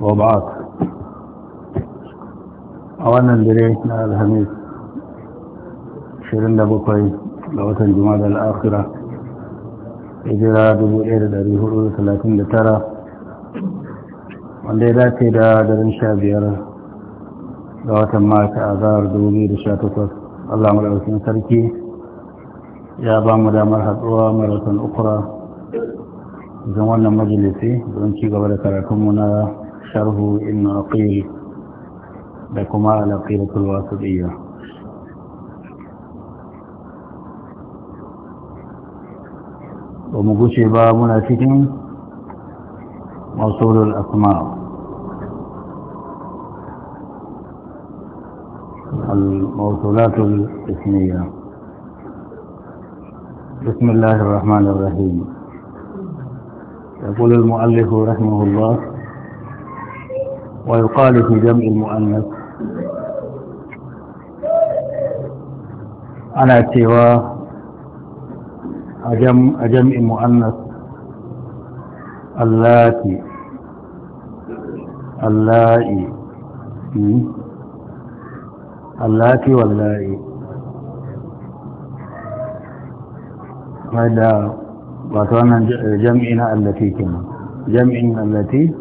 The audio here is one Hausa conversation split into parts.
وبعض أولا دريتنا الهميس شرين لبقوي لوطن جماد الآخرة إجراء دبوئر داري هلول ثلاثين لترى wanda ya dace da daren sha biyar ga watan mata a zarar dubu da sha takwas allah madaukakin sarki ya bamu damar haɗuwa maratan ukura zan wannan majalisi don ci gaba da karatunmu na أكثره إن أقيل لكما على قيلة الواسطية ومقشي بابنا سكين موصول الأسماء الموصولات الإسمية بسم الله الرحمن الرحيم يقول المؤلف رحمه الله ويقال في جمع المؤنث على سوى أجمع أجم مؤنث اللاتي اللائي اللاتي واللائي هذا جمعنا التي كما جمعنا التي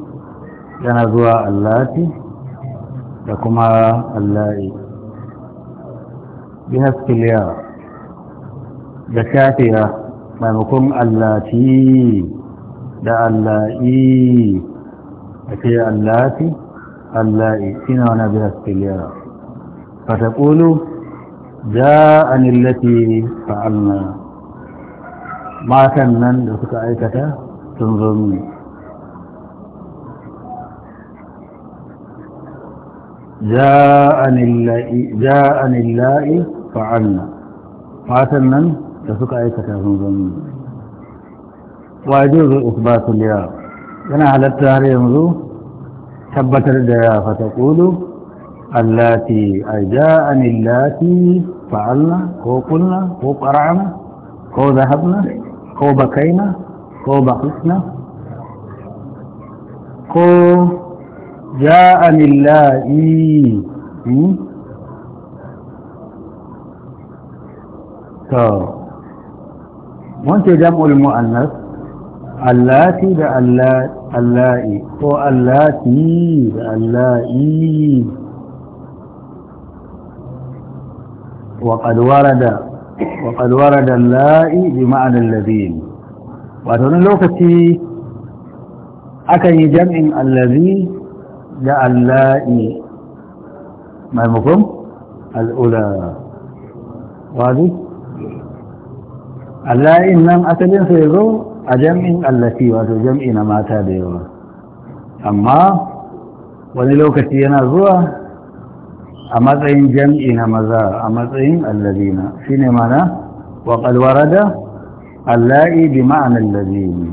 yana zuwa allati da kuma allahi bi haskiliya da shafiya maimakon allati da allahi a ce allati allahi shine wani bi haskiliya فتقول جاءني التي فعلنا ما كان من ذلك أيكتا تنظرني ja'an illahi fa'alna fatan nan da suka aikata sun zama wajen zai ya yana halatta har yanzu tabbatar da ya fata kulu allati a ja'an illahi fa'alna ko kulna ko ƙara'ana ko zahabna ko bakaina ko bakisna ko جاء من الله لائي وانت جمع المؤنث اللاتي ده اللائي هو اللاتي ده وقد ورد وقد ورد اللائي بمعنى الذين وتقول لوكتي akan جمع الذين da allahi maimakon al'ula wadi alla'in nan asalinsa ya zo a jam'in allafi wato jam'i na mata da yawa amma wani lokaci yana zuwa a matsayin jam'i na maza a matsayin allazina shi ne mana waƙalwara da allahi bi ma'anar lazini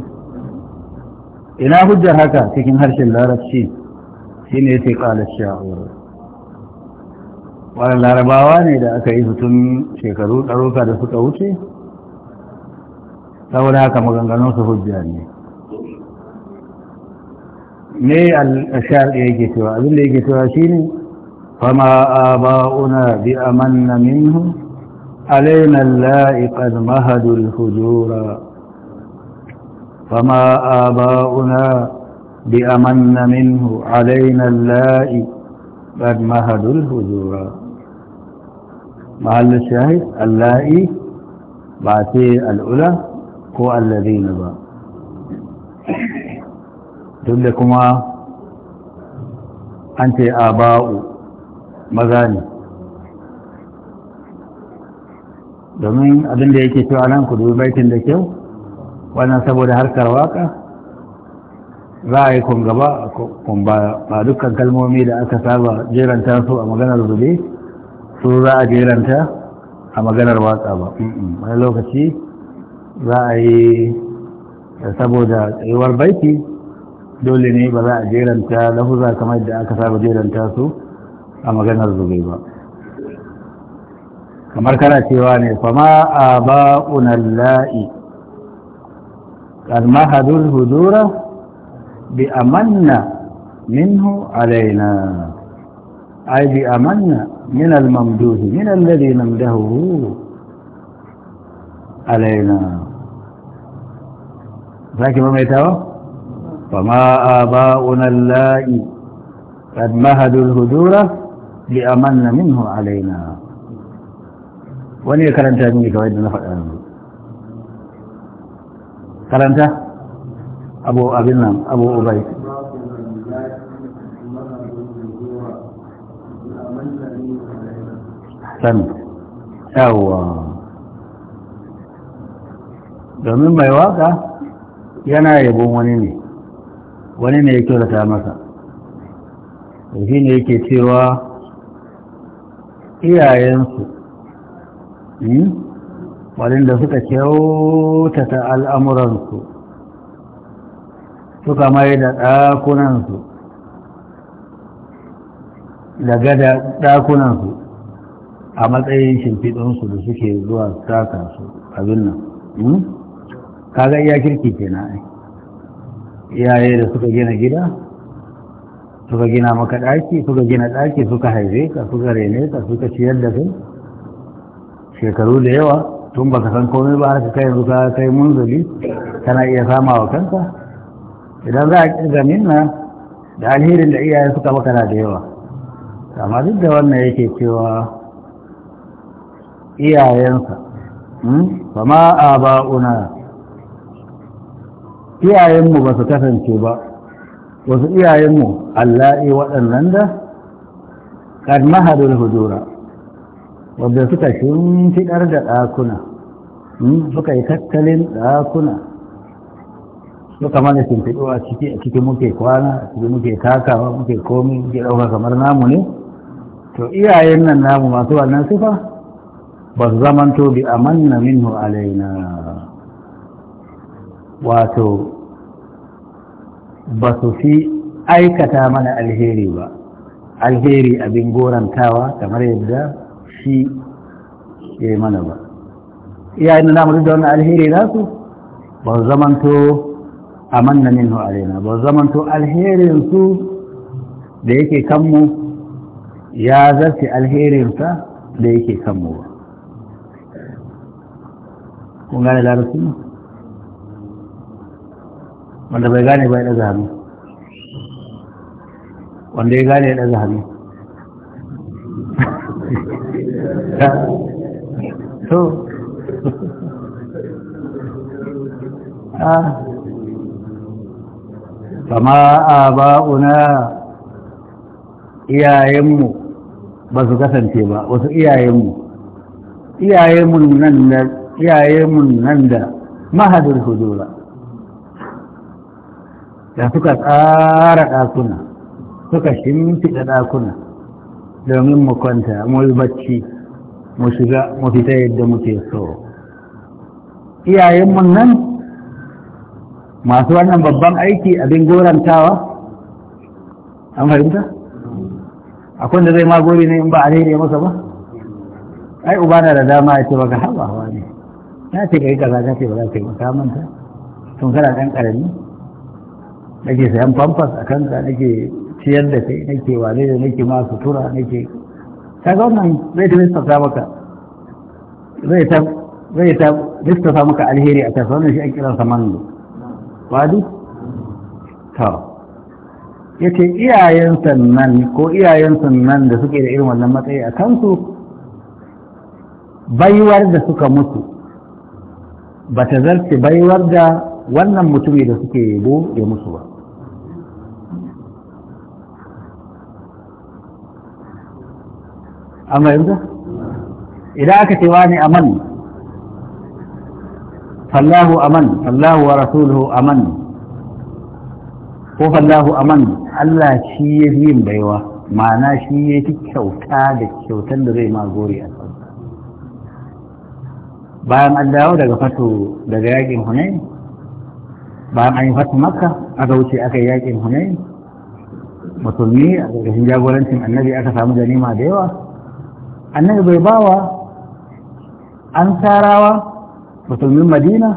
ina hujjar haka cikin harshen larabci shi ne sai ƙalar sha'ur wannan larabawa ne da aka yi tun shekaru ɗaruka da suka wuce saboda haka maganganun su hujja ne ne al-ashar yake cewa abin da yake cewa shine fama aba'una bi amanna minhu alaina la'iqan mahadul hujura fama aba'una بأمن منه علينا اللائي بل مهدوا الهجورا محل الشاهد اللائي بعثي الأولى هو الذين با دل لكما أنت آباء مذاني دومين أبن دي كتو عنا كدو بيت دكيو وانا سبو دهار كرواكا za a yi kun gaba kun baya ba dukkan kalmomi da aka saba jeranta su a maganar zube su za a jeranta a maganar watsa ba wani lokaci za a yi saboda tsayuwar baiki dole ne ba za a jeranta lafuza kamar da aka saba jeranta su a maganar zube ba kamar kana cewa ne fama a ba'unan la'i kan mahadul hudura بأمنا منه علينا أي بأمنا من الممدوه من الذي نمدهه علينا ذاك ما ميتوا فما آباؤنا اللائي قد مهدوا الهجور بأمن منه علينا وني كرنتا مني كويد آه. كرنتا كرنتا abu abin nan abu ubai Sani, yawa domin mai waka yana yabon wani ne wani ne ya kyautata masa shi ne yake cewa iyayensu hmm, waɗanda suka kyautata al'amuransu suka mai da ɗakunansu daga da ɗakunansu a matsayin shimfiɗinsu da suke zuwa su abin nan hmm? kaga iya kirki ke na iyaye da suka gina gida suka gina maka ɗaki suka gina ɗaki suka haife ka suka rene ka suka ciyar da kai shekaru da yawa tun baka san komai ba har ka kai yanzu ka kai munzali kana iya sama wa kanka idan za a ƙirga minna da alherin da iyaye suka maka na da yawa amma duk da wannan yake cewa iyayensa ba hmm? ma a ba'una iyayenmu ba su kasance ba wasu iyayenmu alla'i waɗannan da ƙarmahadul hujura wadda suka shimfidar da ɗakuna hmm? suka yi tattalin ɗakuna to kamar ne sun fito a ciki a ciki muke kwana a ciki muke takawa muke komi muke ɗauka kamar namu ne to iyayen nan namu masu wannan sifa ba su to bi aman na minhu alaina wato ba su fi aikata mana alheri ba alheri abin gorantawa kamar yadda shi ya mana ba iyayen nan namu duk da wannan alheri nasu ba su to amanna minhu alaina ba zamanto alherin su da yake kanmu ya zarce alherinsa da yake kanmu ba kun gane larabci ne wanda bai gane ba ya ɗaga hannu wanda ya gane ya ɗaga hannu so ah kama bauna iyayenmu ba su kasance ba wasu iyayenmu iyayenmu nan da iyayenmu nan da mahadin da suka tsara ɗakuna suka shimfiɗa ɗakuna domin mu kwanta mu yi bacci mu shiga mu fita yadda muke so iyayenmu nan masu wannan babban aiki abin gorantawa an fahimta akwai da zai magori ne in ba a daidai masa ba ai uba na da dama ya ce ba haɓa hawa ne na ce ka yi kaza ya ce ba za ka yi makamanta manta tun ɗan ƙarami nake sayan famfas a kanka nake ciyar da kai nake wale da nake masu tura nake ga wannan zai ta nista maka zai ta nista maka alheri a kasa wannan shi an kiransa mango wadi ta yace iyayen sannan ko iyayen sannan da suke da irin wannan matsayi a kansu baiwar da suka mutu ba ta zarce baiwar da wannan mutumi da suke yabo ya musu ba amma yanzu idan aka ce wani aman فالله أمن فالله ورسوله أمن ko fallahu aman Allah shi ya fi yin baiwa ma'ana shi ya fi kyauta da kyautar da zai ma gori a bayan an dawo daga fato daga yakin hunain bayan an yi fatu makka aka wuce aka yi yakin hunain musulmi a ƙarƙashin jagorancin annabi aka samu ganima da yawa annabi bai bawa an sarawa musulmin madina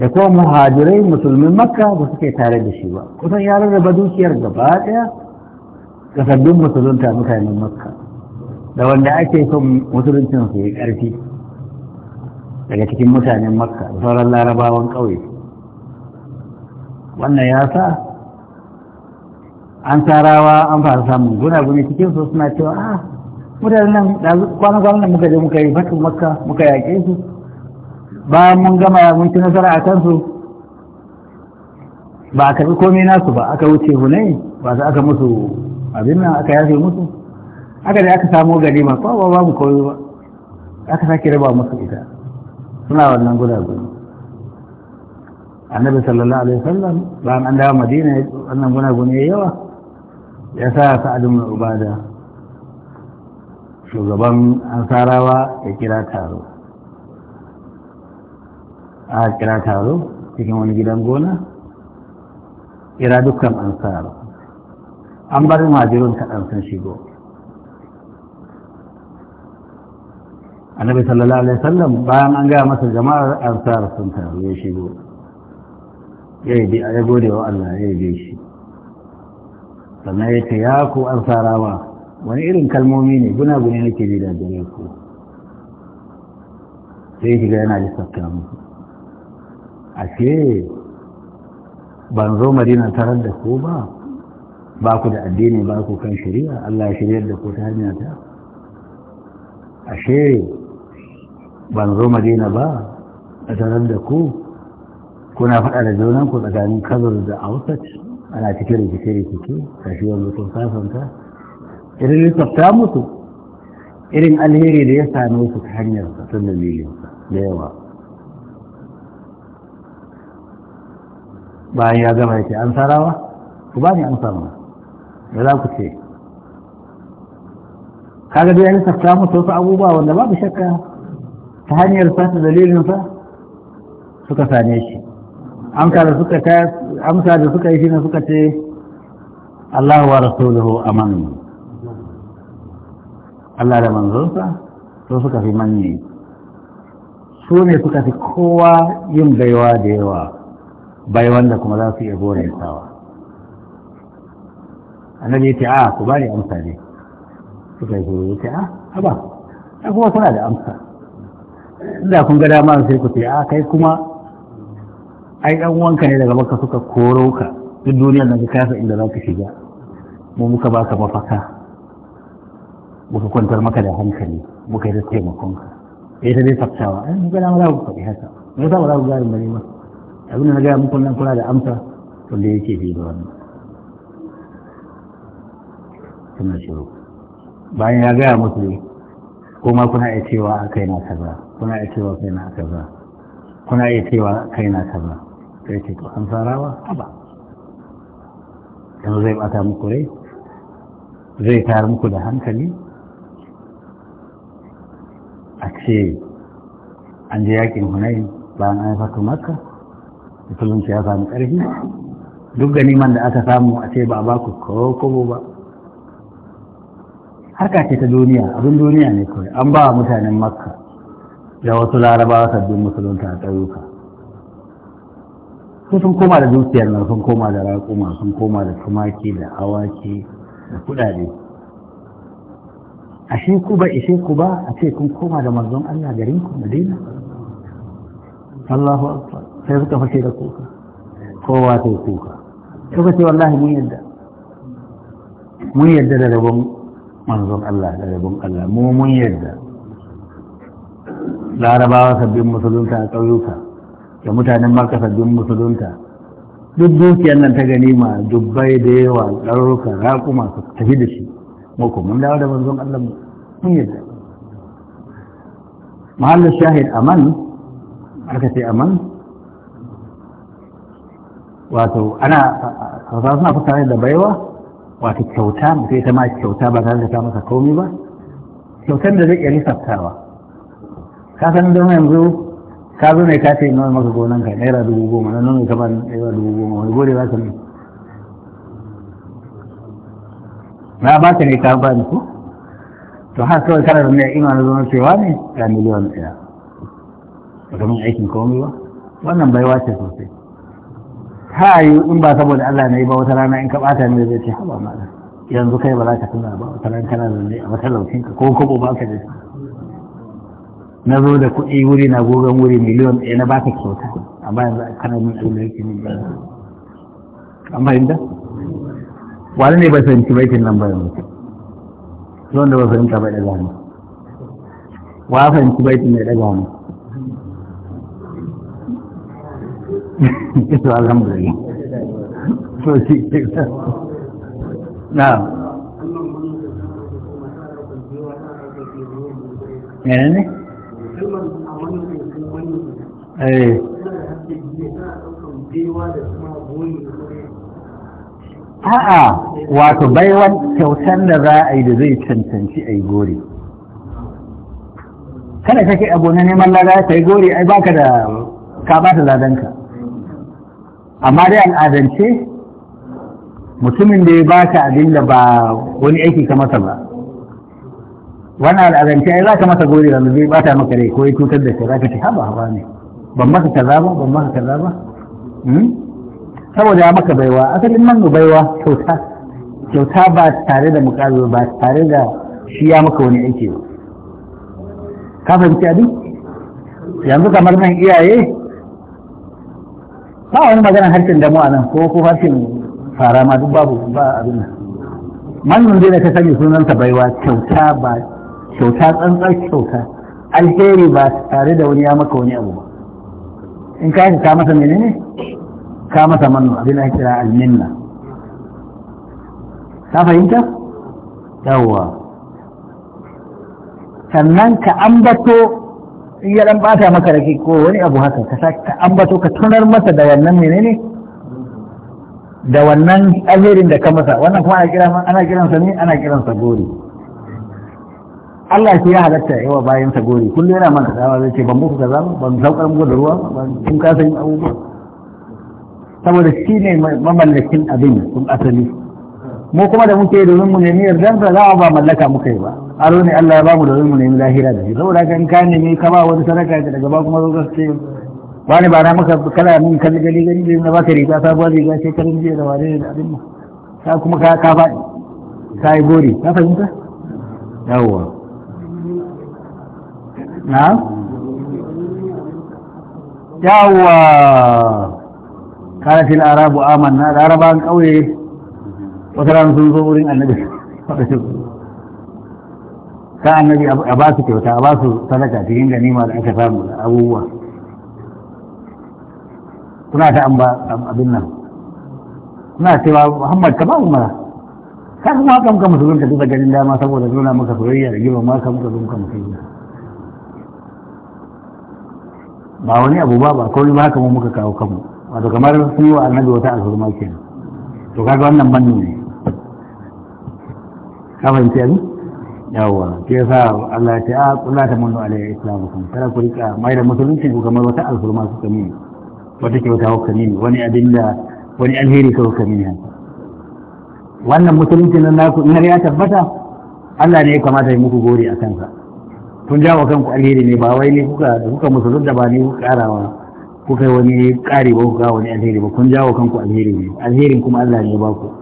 da kuma muhajirai musulmin makka ba ke tare da shi ba kusan ya rarraba dukiyar gaba daya ga sabbin musulunta mutanen makka da wanda ake son musuluncin su yi karfi daga cikin mutanen makka da sauran larabawan ƙauye wannan ya sa an tarawa an fara samun gunaguni cikin su suna cewa a mutanen nan kwanan kwanan muka je muka yi fatin makka muka yaƙe su bayan mun gama mun ci nasara a kansu ba a karɓi komai nasu ba aka wuce hunai ba za aka musu abin nan aka yafe musu aka da aka samo gari ma kowa ba mu koyo ba aka sake raba musu ita suna wannan gudagudu annabi sallallahu alaihi wasallam bayan an dawo madina wannan gudagudu ya yawa ya sa sa'adu mai ubada shugaban ansarawa ya kira taro a kira taro cikin wani gidan gona kira dukkan ansar an bar majirun kaɗan sun shigo annabi sallallahu alaihi wasallam bayan an gaya masa jama'ar ansar sun taru ya shigo ya gode wa Allah ya bi shi sannan ya ce ya ku ansarawa wani irin kalmomi ne guna-gune nake ji da gare ku sai shiga yana lissafta musu A ce ban zo madina tarar da ku ba ba ku da addini ba ku kan shari'a Allah ya shirya da ku ta hanya ta ashe ban zo madina ba a tarar da ku kuna faɗa da zaunan ku tsakanin kazar da ausat ana cikin rikice rikice kashi wanzu kun sasanta irin lissafta musu irin alheri da ya same su ta hanyar sa tun dalilinsa da yawa bayan ya gama yake an sarawa ku ba ni an samu da za ku ce kaga dai ya lissafta musu wasu abubuwa wanda babu shakka ta hanyar sata dalilinsa suka same shi amsa da suka amsa da suka yi ne suka ce Allah wa rasuluhu aman Allah da manzonsa to suka fi manni su ne suka fi kowa yin gaiwa da yawa bai wanda kuma za su iya sawa annabi ya ce a ah, ku bani amsa ne suka yi horo ya ce a ah, haba a kuma suna da amsa inda kun ga dama sai ku ce a ah, kai kuma ai dan wanka ne daga baka suka koro ka duk duniyar nan ka kasa inda za ka shiga mu muka baka mafaka muka kwantar maka da hankali muka yi da taimakonka ya ta dai tsaftawa ai eh, mun ga dama za ku faɗi haka me yasa ba za ku gari mai ba abin da gaya muku nan kuna da amsa wanda yake bi ba wannan suna shiru bayan ya gaya muku ne kuma kuna iya cewa kai na kaza kuna iya cewa kai na kaza kuna iya cewa kai na kaza kai ce to an farawa haba yanzu zai bata muku rai zai tayar muku da hankali a ce an je yakin hunayi bayan an fata makka musulunci ya samu ƙarfi duk neman da aka samu a ce ba a baku kobo ba harka ce ta duniya abin duniya ne kawai an ba mutanen makka da wasu larabawa sabbin musulunta a ƙauyuka su sun koma da dukiyar nan sun koma da raƙuma sun koma da tumaki da awaki da kuɗaɗe ashe ku ba ishe ku ba a ce kun koma da manzon Allah garin ku Madina Allahu akbar sai suka fashe da kuka kowa ta yi kuka suka ce wallahi mun yadda mun yadda da rabon manzon Allah da rabon Allah mu mun yadda larabawa sabbin musulunta a ƙauyuka da mutanen maka sabbin musulunta duk dukiyar nan ta gani ma dubbai da yawa ɗarurruka raƙuma su tafi da shi muku mun dawo da manzon Allah mu mun yadda mahallin shahid aman aka ce aman wato ana hausa suna fasara da baiwa wato kyauta mutum ita ma kyauta ba tare da ta masa komi ba kyautar da zai iya lissaftawa ka san don yanzu ka zo ne ka ce nawa maka gonan ka naira dubu goma na nuna kamar naira dubu goma wani gode za ka ne na ba ka ne ka ba ni ko to har kawai kana da mai imanin zuwa cewa ne ga miliyan ɗaya ba kamar aikin komi ba wannan baiwa ce sosai ta yi in ba saboda Allah na yi ba wata rana in ka bata ne zai ce haba ma yanzu kai ba za ka tuna ba wata rana kana zanne a matalaucin ka ko kobo ba ka da na zo da kuɗi wuri na gogon wuri miliyon ɗaya na baka kyauta amma yanzu kana min ɗaure yake ne ba an fahimta wani ne ba fahimci baitin nan ba yanzu wanda ba fahimta ba ɗaga hannu wa fahimci baitin ne ɗaga hannu alhamdulillah eh a'a wato baiwan kyautar da za a yi da zai cancanci a yi gori kada kake abu na neman lada ka yi gori ai baka da ka bata ladanka amma dai al'adance mutumin da ya ba ka abin da ba wani aiki ka masa ba wani al'adance ai za ka masa gori da zai bata maka rai ko ya cutar da shi za ka ce haba haba ne ban masa kaza ba ban masa kaza ba hmm? saboda ya maka baiwa asalin man baiwa kyauta kyauta ba tare da mukabi ba tare da shi ya maka wani aiki ba ka fahimci abin yanzu kamar nan iyaye ba wani maganar harshen damu a nan ko ko harshen fara ma duk babu ba abin nan manyan dai da ka sani sunansa baiwa kyauta ba kyauta tsantsar kyauta alheri ba tare da wani ya maka wani abu ba in ka yi ka masa menene ka masa mannu abin da kira alminna ka fahimta yawwa sannan ka ambato in ya dan bata maka ke ko wani abu haka ka sa ka ambato ka tunar masa da wannan menene da wannan alherin da ka masa wannan kuma ana kiran ana kiran sa ne ana kiran sa gori Allah shi ya halatta yawa bayan sa gori kullum yana mana dawa zai ce ban muku kaza ban saukar muku da ruwa ba kun kasa yin abubuwa saboda shi ne mamallakin abin kun asali mu kuma da muke domin mu nemi yardan sa za a ba mallaka muka yi ba aro ne Allah ya bamu da mu nemi lahira da shi saboda kan ka nemi ka ba wani sadaka ta daga ba kuma zo ka ce wani ba na maka kala min kalli gani gani bai na baka riga ba riga sai karin jiya da wani da abin ka kuma ka ka faɗi ka yi gori ka fahimta yawwa na yawwa kana fil arabu amanna larabawan kauye wata ran sun zo wurin annabi sa’an annabi a ba su kyauta a ba su sadaka cikin ganima da aka samu da abubuwa suna ta an ba abin nan suna ba muhammad ka ba mu mara ka kuma haka muka musulunta duka ganin dama saboda nuna maka soyayya da girma maka muka zo muka musulunta ba wani abu ba ba kawai ba haka muka kawo kanmu wato kamar sun yi wa annabi wata alhurma kenan to kaga wannan bannu ne ka fahimci abin. yawwa ke sa Allah ta a ah, kula ta mun alai islamu kun kada ku rika mai da musulunci ku kamar wata alfurma su kamin wata kyauta wata kami wani abin da wani alheri ka kami ne wannan musulunci nan naku in ya tabbata Allah ne ya kamata ya muku gori a kansa tun jawo kanku alheri ne ba wai ne kuka da kuka da ba ne kuka karawa kuka yi wani kari ba kuka wani alheri ba kun jawo kanku alheri ne alherin kuma Allah ne ya ba ku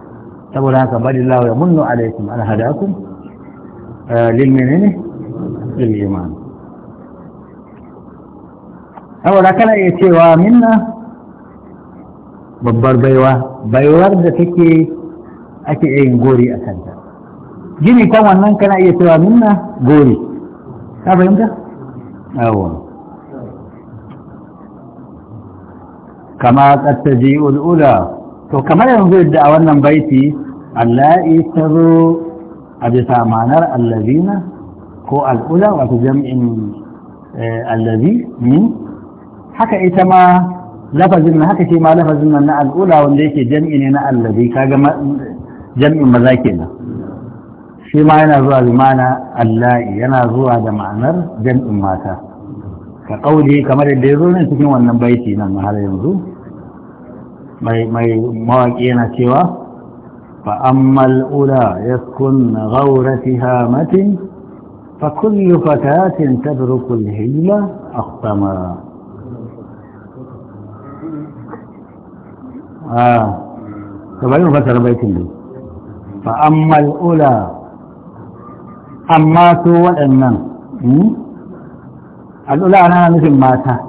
saboda haka bari Allah ya munnu alaikum alhadakum Eh, lil menene lil iman cewa minna babbar baiwa baiwar da take ake yin gori a kanta gini kan wannan kana cewa minna gori ka fahimta? awon kama tsattaji ul'ula to kamar yanzu yadda a wannan baiti Allah ta zo a bisa ma'anar na, ko al'ula wata jam'in allazi min haka ita ma lafazin nan haka ce ma lafazin nan na al'ula wanda yake jam'i ne na allazi kaga jam'in maza kenan shi ma yana zuwa da ma'ana allahi yana zuwa da ma'anar jam'in mata ka kauli kamar yadda ya zo ne cikin wannan baiti nan har yanzu mai mawaƙi yana cewa فأما الأولى يسكن غور تهامة فكل فتاة تدرك الهيلة أختما آه فتر بيت لي فأما الأولى أما تو الأنم الأولى أنا مثل ماتها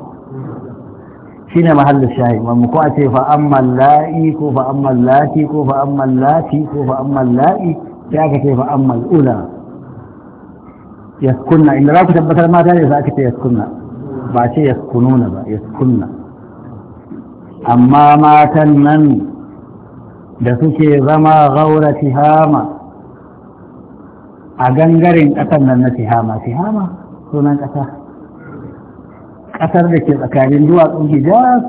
shine mahallin shahi mamakon a ce fa amma la'i ko fa amma lati ko fa amma lati ko fa amma la'i sai aka ce fa amma ula yaskunna inda za ku tabbatar mata ne za aka ce yaskunna ba ce yaskununa ba yaskunna amma matan nan da suke zama gaura tihama a gangaren ƙasar nan na tihama tihama sunan ƙasa ƙasar da ke tsakanin duwatsun hijaz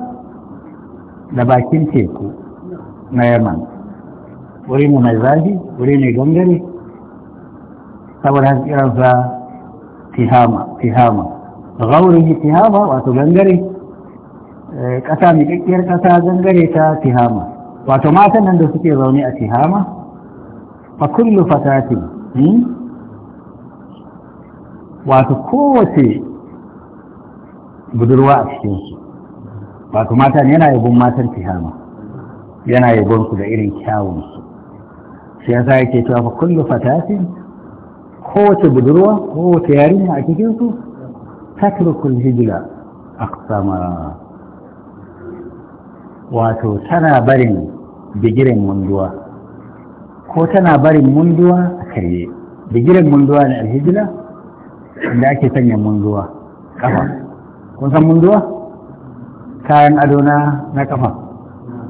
da bakin teku na yaman wuri mu mai zafi wuri mai gangare saboda kiransa tihama tihama gaurin tihama wato gangare eh, ƙasa mai ƙaƙƙiyar ƙasa gangare ta tihama wato matan nan da suke zaune a tihama fa kullu fatatin hmm? wato kowace budurwa a cikinsu wato matan yana yabon matan tihama yana yabon su da irin kyawunsu shi yasa yake cewa fa kullu fatatin kowace budurwa kowace yarinya a cikinsu tatrukul hijla aqsama wato tana barin bigiren munduwa ko tana barin munduwa a karye bigiren munduwa ne alhijila da ake sanya munduwa kafa kun san munduwa kayan ado na na kafa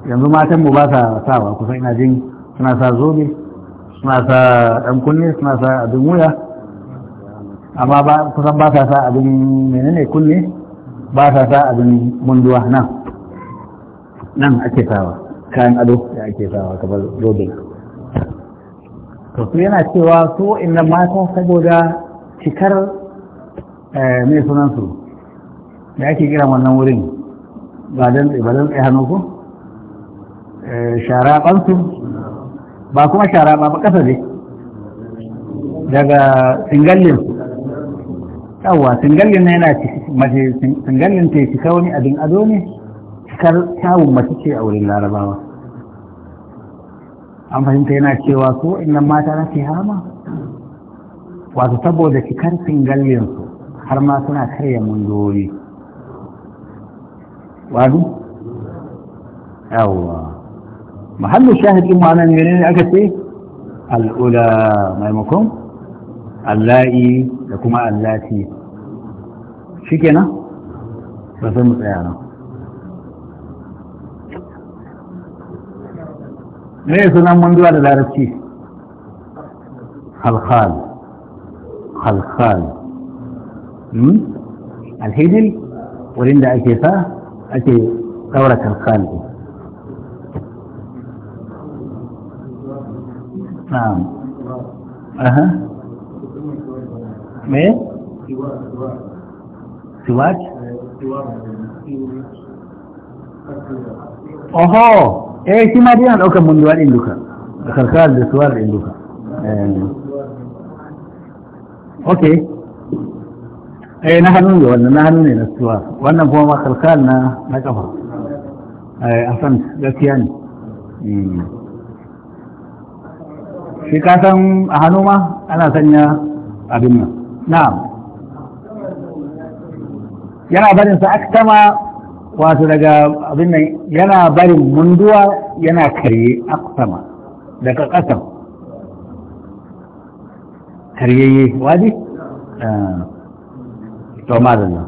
yanzu matan mu ba sa sawa kusan ina jin suna sa zobe suna sa ɗan kunne suna sa abin wuya amma ba kusan ba sa sa abin menene kunne ba sa sa abin munduwa nan nan ake sawa kayan ado da ake sawa kamar zobe to su yana cewa su inda mata saboda cikar eh, mai sunansu da ake kira wannan wurin ba don tsaye hannu ko eh, shara ɓansu ba kuma shara ba ƙasa ne daga singallin yawwa singallin na yana mace singallin ta cika wani abin ado ne cikar kyawun mace ce a wurin larabawa an fahimta yana cewa ko innan mata na ke hama wato saboda cikar singallin su har ma suna karya mundori واجب الله محل الشاهد إما أنا نيرين أكثي الأولى ما يمكم اللائي لكما اللاتي شكنا بس المتعانا ليه سنان من دوار الارتشي خلخال خلخال الهدل ولين دا ake daura kankan aha me siwaj oho eh shi ma dina daukar munduwa din duka da karkar da suwar din duka eh. ok eh na hannu ne wannan na hannu ne na suwa wannan kuma ma kalkal na na kafa eh asan gaskiya ne hmm. shi ka san a hannu ma ana sanya abin nan na'am yana barin sa aktama wato daga abin nan yana barin munduwa yana karye aktama daga kasan karyayye wadi ah. 要慢着呢。